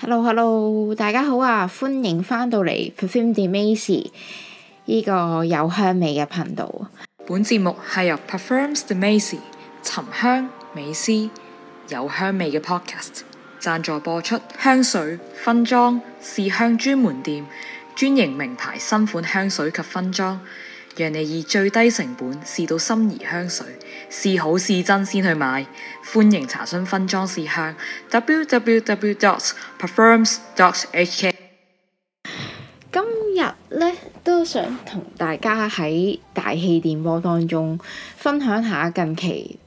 Hello，Hello，hello. 大家好啊！歡迎翻到嚟 Perfume de Macy 呢個有香味嘅頻道。本節目係由 Perfume de Macy 沉香美思有香味嘅 Podcast 贊助播出，香水、分裝、試香專門店、專營名牌新款香水及分裝。讓你以最低成本試到心儀香水，試好試真先去買。歡迎查詢分裝試香，www.performs.hk 今日咧都想同大家喺大氣電波當中分享下近期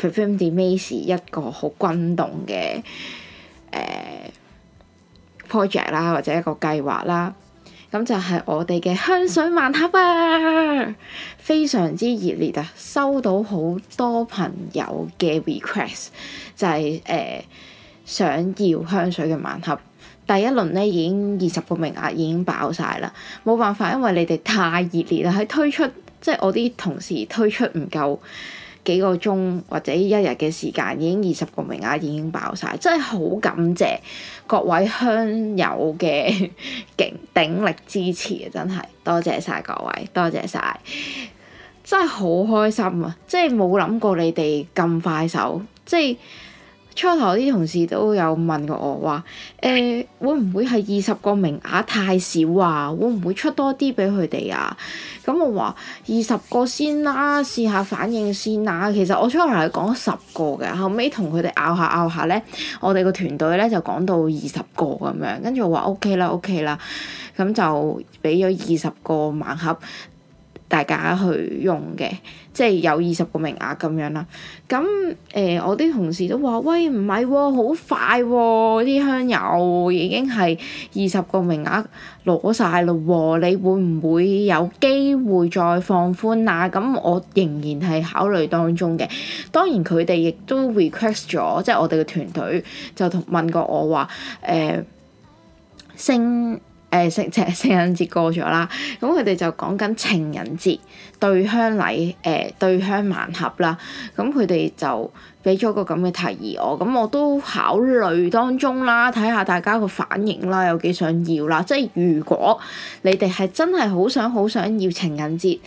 Perfume Dimension 一個好轟動嘅誒、呃、project 啦，或者一個計劃啦。咁就係我哋嘅香水盲盒啊，非常之熱烈啊，收到好多朋友嘅 request，就係、是、誒、呃、想要香水嘅盲盒。第一輪咧已經二十個名額已經爆晒啦，冇辦法，因為你哋太熱烈啦，喺推出即係、就是、我啲同事推出唔夠。幾個鐘或者一日嘅時間，已經二十個名額已經爆晒，真係好感謝各位鄉友嘅勁鼎力支持啊！真係多謝晒各位，多謝晒，真係好開心啊！即係冇諗過你哋咁快手，即係。初頭啲同事都有問過我話，誒、欸、會唔會係二十個名額太少啊？會唔會出多啲俾佢哋啊？咁我話二十個先啦，試下反應先啦。其實我初頭係講咗十個嘅，後尾同佢哋拗下拗下咧，我哋個團隊咧就講到二十個咁樣，跟住我話 OK 啦，OK 啦，咁、OK、就俾咗二十個盲盒。大家去用嘅，即係有二十個名額咁樣啦。咁誒、呃,我啲同事都話：「喂，唔係喎，好快喎、哦，啲香油已經係二十個名額攞晒嘞。」你會唔會有機會再放寬啊？咁我仍然係考慮當中嘅。當然佢哋亦都 request 咗，即係我哋嘅團隊就同問過我話：呃「誒，升。」誒聖即係聖誕節過咗啦，咁佢哋就講緊情人節對香禮誒、呃、對香盲盒啦，咁佢哋就俾咗個咁嘅提議我，咁我都考慮當中啦，睇下大家個反應啦，有幾想要啦。即係如果你哋係真係好想好想要情人節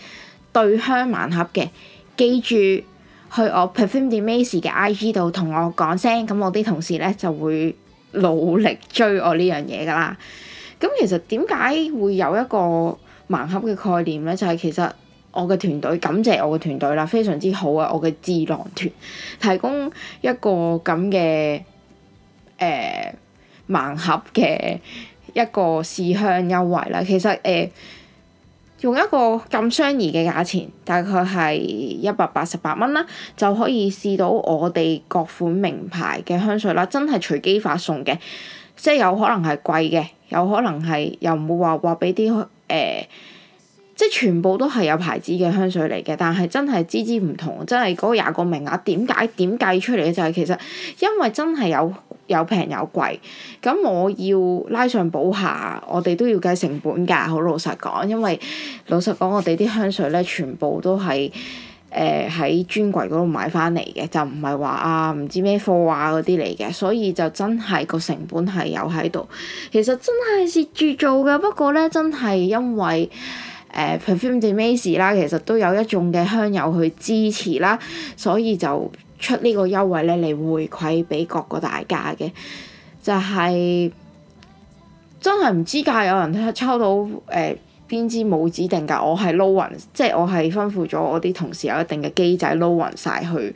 對香盲盒嘅，記住去我 perfumedmaze 嘅 IG 度同我講聲，咁我啲同事咧就會努力追我呢樣嘢噶啦。咁其實點解會有一個盲盒嘅概念咧？就係、是、其實我嘅團隊感謝我嘅團隊啦，非常之好啊！我嘅智囊團提供一個咁嘅誒盲盒嘅一個試香優惠啦。其實誒、呃、用一個咁相宜嘅價錢，大概係一百八十八蚊啦，就可以試到我哋各款名牌嘅香水啦。真係隨機發送嘅，即係有可能係貴嘅。有可能係又唔會話話俾啲誒，即係全部都係有牌子嘅香水嚟嘅，但係真係支支唔同，真係嗰廿個名額點解點計出嚟咧？就係其實因為真係有有平有貴，咁我要拉上補下，我哋都要計成本價，好老實講，因為老實講，我哋啲香水咧全部都係。誒喺、呃、專櫃嗰度買翻嚟嘅，就唔係話啊唔知咩貨啊嗰啲嚟嘅，所以就真係個成本係有喺度。其實真係蝕住做嘅，不過咧真係因為誒、呃、Perfume de mace 啦，其實都有一種嘅香友去支持啦，所以就出呢個優惠咧嚟回饋俾各個大家嘅，就係、是、真係唔知㗎有人抽到誒。呃邊支冇指定㗎，我係撈勻，即係我係吩咐咗我啲同事有一定嘅機制撈勻曬去，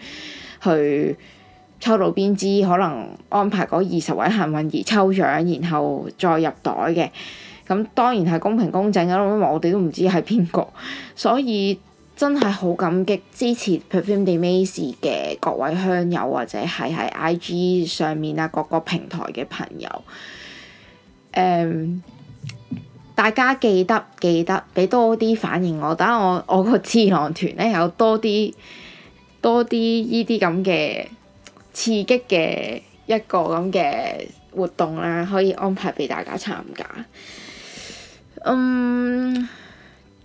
去抽到邊支，可能安排嗰二十位幸運兒抽獎，然後再入袋嘅。咁當然係公平公正嘅啦，因為我哋都唔知係邊個，所以真係好感激支持 Perfume de Mace 嘅各位鄉友或者係喺 IG 上面啊，各個平台嘅朋友，誒、um。大家記得記得俾多啲反應我，等下我我個智囊團咧有多啲多啲呢啲咁嘅刺激嘅一個咁嘅活動啦，可以安排俾大家參加。嗯，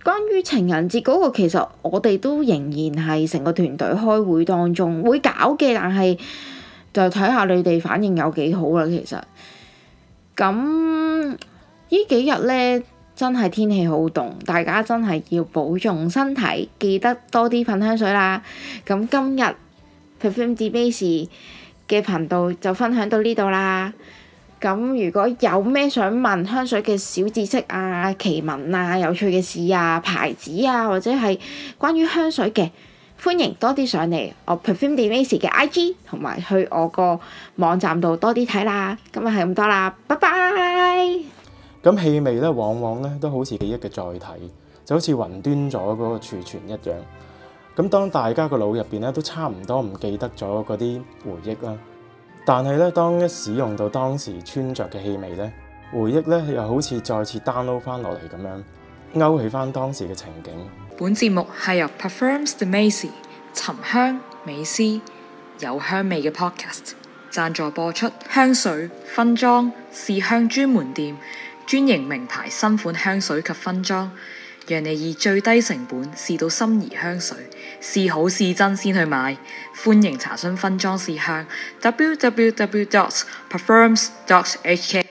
關於情人節嗰個，其實我哋都仍然係成個團隊開會當中會搞嘅，但係就睇下你哋反應有幾好啦。其實咁。呢幾日咧，真係天氣好凍，大家真係要保重身體，記得多啲噴香水啦。咁今日 perfume debate 嘅頻道就分享到呢度啦。咁如果有咩想問香水嘅小知識啊、奇聞啊、有趣嘅事啊、牌子啊，或者係關於香水嘅，歡迎多啲上嚟我 perfume debate 嘅 IG 同埋去我個網站度多啲睇啦。今日係咁多啦，拜拜。咁氣味咧，往往咧都好似記憶嘅載體，就好似雲端咗嗰個儲存一樣。咁當大家個腦入邊咧都差唔多唔記得咗嗰啲回憶啦，但係咧當一使用到當時穿着嘅氣味咧，回憶咧又好似再次 download 翻落嚟咁樣，勾起翻當時嘅情景。本節目係由 Performs The Macy 沉香美思有香味嘅 podcast 贊助播出，香水分裝試香專門店。專營名牌新款香水及分裝，讓你以最低成本試到心儀香水，試好試真先去買，歡迎查詢分裝試香 www dot performs dot hk。